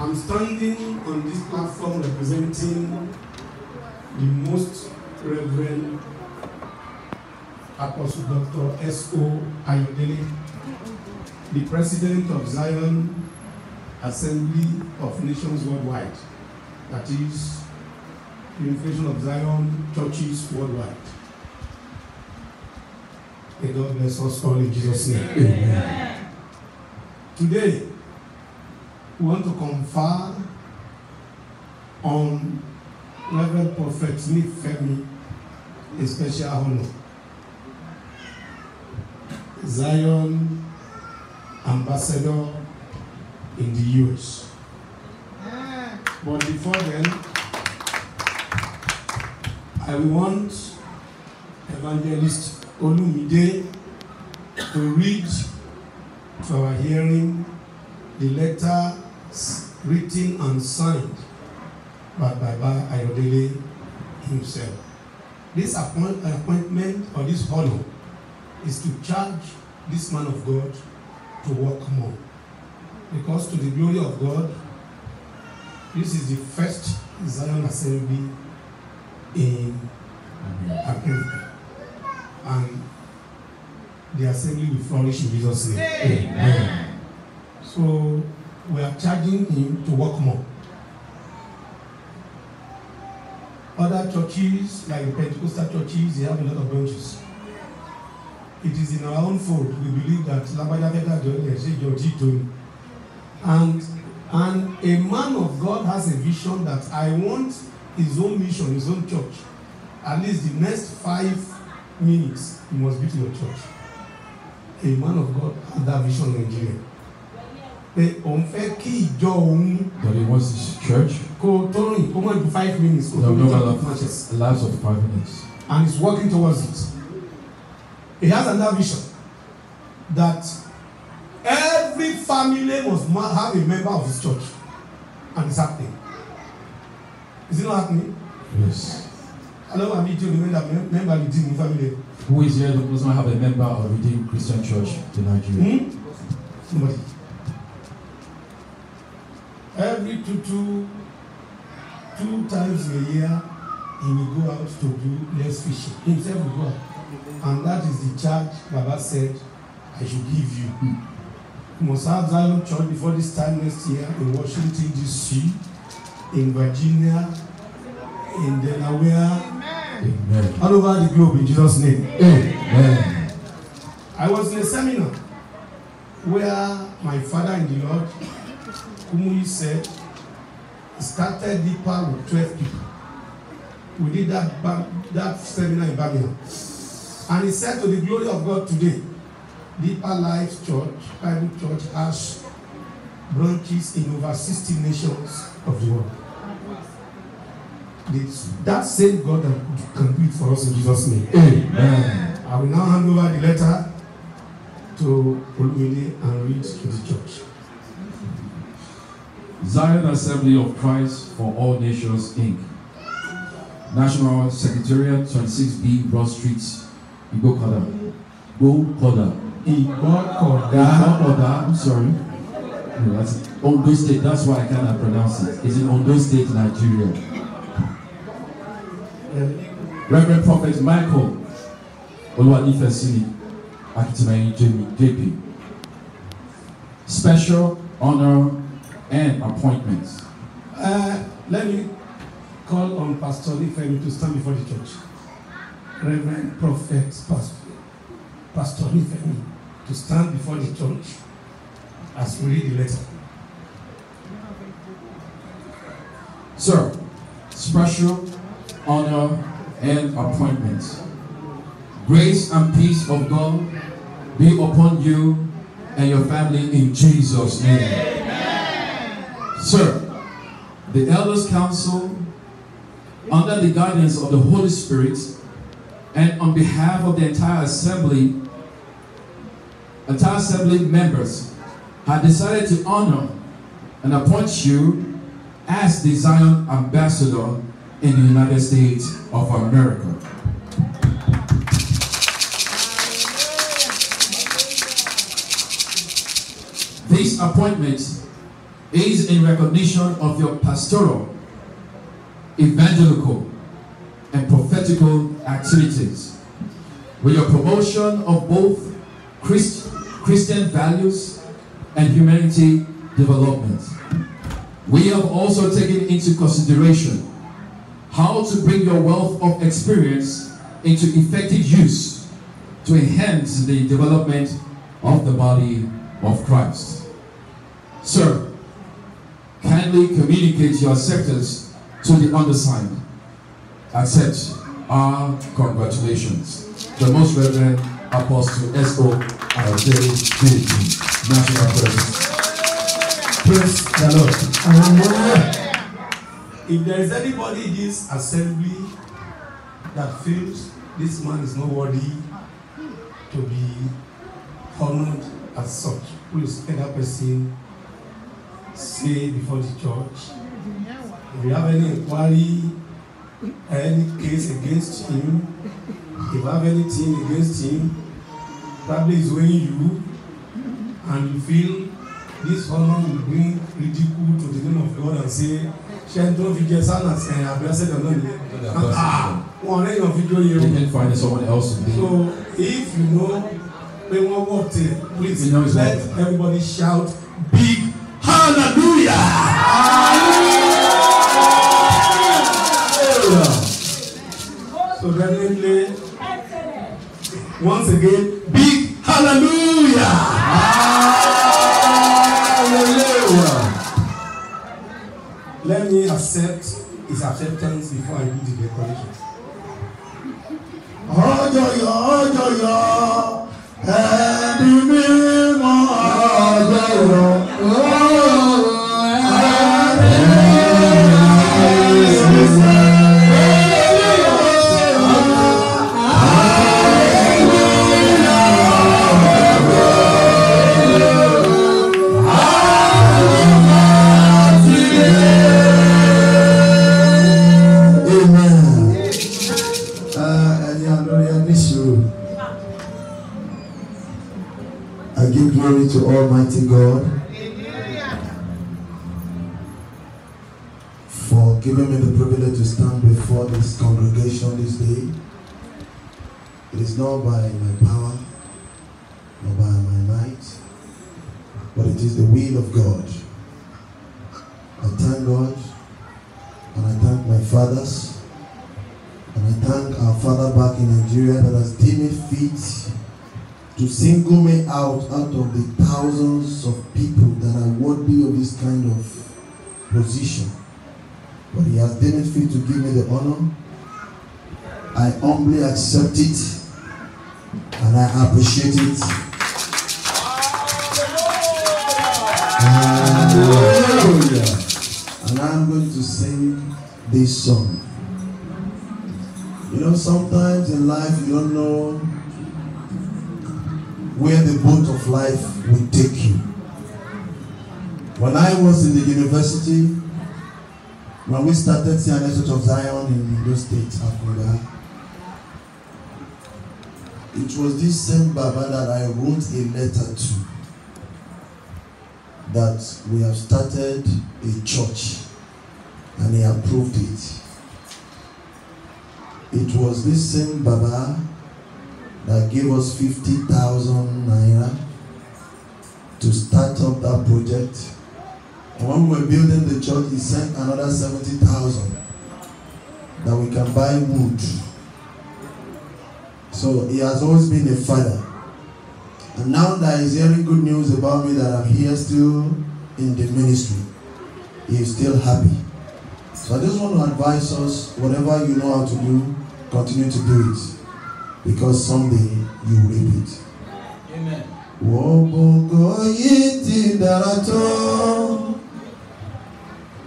I'm standing on this platform representing the most reverend Apostle Dr. S.O. Ayodele, the President of Zion Assembly of Nations Worldwide, that is, the Unification of Zion Churches Worldwide. May God bless us all in Jesus' name. Amen. Today, we want to confer on Reverend Prophet Smith Femi a special honor. Zion ambassador in the US. But before then, I want Evangelist Olumide to read for our hearing the letter written and signed by Baba Ayodele himself. This appoint appointment or this honor is to charge this man of God to work more. Because to the glory of God, this is the first Zion Assembly in Africa, And the assembly will flourish in Jesus' name. Amen. So we are charging him to work more. Other churches, like Pentecostal churches, they have a lot of branches. It is in our own fault. We believe that Labaya Vega Joel And and a man of God has a vision that I want his own mission, his own church. At least the next five minutes, he must be to your church. A man of God had that vision in Nigeria pé òun fẹ́ kí ìjọ òun. that he wants his church. kó tó rìn kó mọ̀ ju five minutes. kó tó rìn kó tó rìn Last of five minutes. and he's working towards it. he has another vision that every family must have a member of his church and it's happening. is it not happening? yes. hello i'm ijio remember member redeem family. who is here that does not have a member of redeem christian church to nigeria. Hmm? nobody. Every two, two, two times a year, he will go out to do less fishing. Himself will go out. And that is the charge Baba said, I should give you. Mm. You must have Zion Church before this time next year in Washington, D.C., in Virginia, in Delaware, Amen. all over the globe in Jesus' name. Amen. Amen. I was in a seminar where my father in the Lord Kumuyi said, started DIPA with 12 people. We did that, that seminar in Birmingham. And he said, to the glory of God today, Deeper Life Church, Bible Church, has branches in over 60 nations of the world. This, that same God that can do it for us in Jesus' name. Amen. Amen. I will now hand over the letter to Olumide and read to the church. Zion Assembly of Christ for All Nations, Inc. National Secretariat, 26B, Broad Street, Igokoda. Igokoda. Igokoda. Igokoda, I'm sorry. No, that's Ondo State, that's why I cannot pronounce it. It's in Ondo State, Nigeria. Reverend Prophet Michael Oluwadifesini Akitimayi JP. Special honor and appointments. Uh, let me call on Pastor Nifemi to stand before the church. Reverend Prophet Pastor, Pastor Nifemi to stand before the church as we read the letter. Sir, special honor and appointments. Grace and peace of God be upon you and your family in Jesus' name. Sir, the Elders Council, under the guidance of the Holy Spirit, and on behalf of the entire assembly, entire assembly members, have decided to honor and appoint you as the Zion ambassador in the United States of America. This appointment is in recognition of your pastoral, evangelical, and prophetical activities. With your promotion of both Christ, Christian values and humanity development. We have also taken into consideration how to bring your wealth of experience into effective use to enhance the development of the body of Christ. Sir, kindly communicate your acceptance to the undersigned. Accept our congratulations. The Most Reverend Apostle S.O. J.D. National President. Praise the Lord. Hallelujah. If there is anybody in this assembly that feels this man is not worthy to be honored as such, please tell that person say before the church. If you have any inquiry, any case against him, if you have anything against him, probably is weighing you, and you feel this honor will bring ridicule to the name of God and say, ṣé n tó fi jẹ sánà ẹ àbẹ́sẹ̀ dandan ni wọn lẹ́yìn ọ̀fíjọ́ yẹn o so if you know pé wọ́n wọ̀ tẹ̀ please let everybody shout big Hallelujah. So definitely, once again, big hallelujah. Hallelujah. Let me accept his acceptance before I do the decoration. Oh, joy, oh, joy, oh. to Almighty God for giving me the privilege to stand before this congregation this day. It is not by my power, nor by my might, but it is the will of God. I thank God, and I thank my fathers, and I thank our father back in Nigeria that has deemed it fit to single me out out of the thousands of people that are worthy of this kind of position. But he has done it fit to give me the honor. I humbly accept it and I appreciate it. Hallelujah. And I'm going to sing this song. You know, sometimes in life you don't know where the boat of life will take you. When I was in the university, when we started CNS Church of Zion in those State, Akoda, it was this same Baba that I wrote a letter to that we have started a church and he approved it. It was this same Baba that gave us 50,000 naira to start up that project. And when we were building the church, he sent another 70,000 that we can buy wood. So he has always been a father. And now that he's hearing good news about me that I'm here still in the ministry, he is still happy. So I just want to advise us, whatever you know how to do, continue to do it. because someday you will reap it. Wọ́gbọ̀ngàn yìí ti dára tó.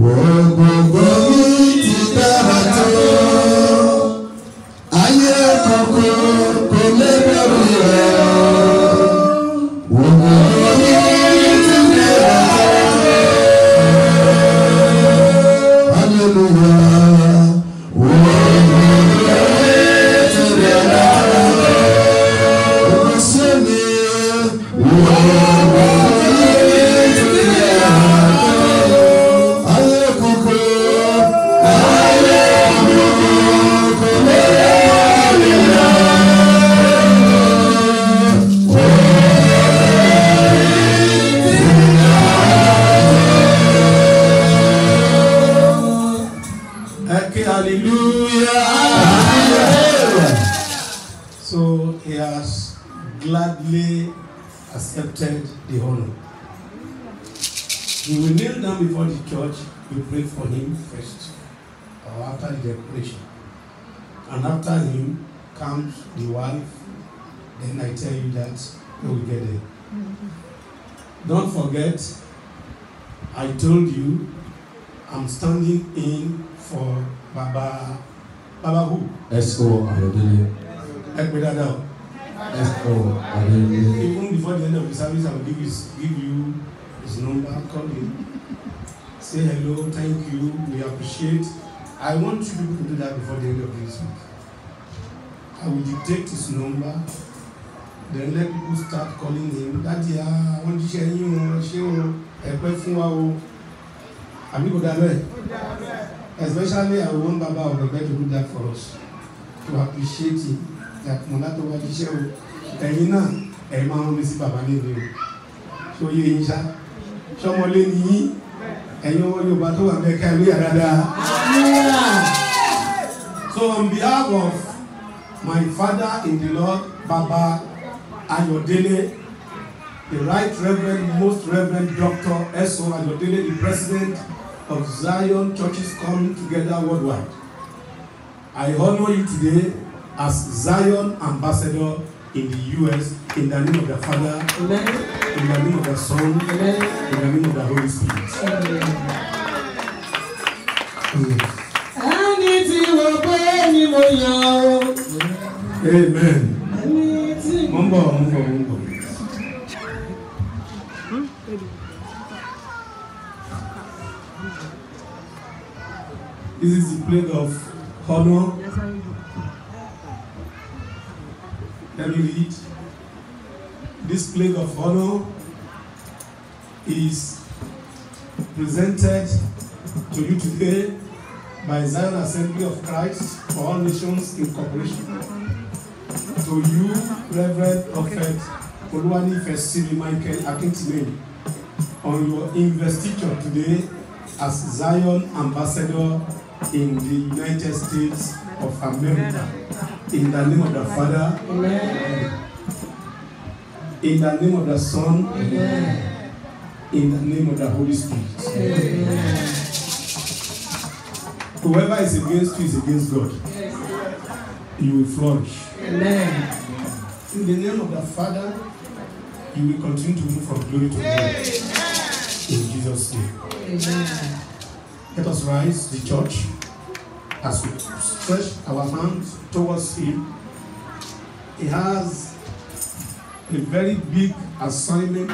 Wọ́gbọ̀ngàn. Okay, hallelujah. hallelujah. So he has gladly accepted the honor. We will kneel down before the church. We pray for him first, or after the decoration. And after him comes the wife. Then I tell you that we will get there. Don't forget, I told you I'm standing in for Baba Baba who? S.O. Ayodele. Ekpe Dada o. S.O. Ayodele. Even before the end of the service, I will give his, give you his number, call him, say hello, thank you, we appreciate. I want you people to do that before the end of this week. I will detect his number, then let people start calling him. Daddy, I want to share you. Share ṣé o, wa o àbí kò dáa especially àwọn wọn Baba ọ̀dọ̀ bẹ́ẹ̀ tó do that for us to appreciate him that Monato wá ṣiṣẹ́ o ẹ̀yin náà ẹ̀yin máa ń rí sí bàbá níbi o tó yé yín sá sọmọlé ni yín So on behalf of my father in the Lord Baba Ayodele the right reverend most reverend Dr. S.O. Ayodele the president of Zion churches coming together worldwide. I honor you today as Zion ambassador in the U.S. in the name of the Father, Amen. in the name of the Son, Amen. in the name of the Holy Spirit. Ẹni tí mo pé ni mo yàn o. Amen. Mo ń bọ̀, mo ń mo ń bọ̀. This is the plague of honor. Let me read. This plague of honor is presented to you today by Zion Assembly of Christ for All Nations Incorporation. To you, Reverend Prophet Oluwani Fesiri Michael Akintime, on your investiture today as Zion Ambassador in the United States of America. In the name of the Father, Amen. in the name of the Son, Amen. in the name of the Holy Spirit. Amen. Whoever is against you is against God. You will flourish. Amen. In the name of the Father, you will continue to move from glory to glory. Jesus' name. Amen. Let us rise, the church, as we stretch our hands towards Him. He has a very big assignment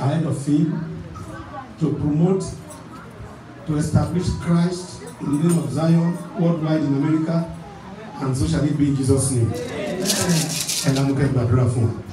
ahead of Him to promote, to establish Christ in the name of Zion, worldwide in America, and so shall it be in Jesus' name. Amen. And I'm going to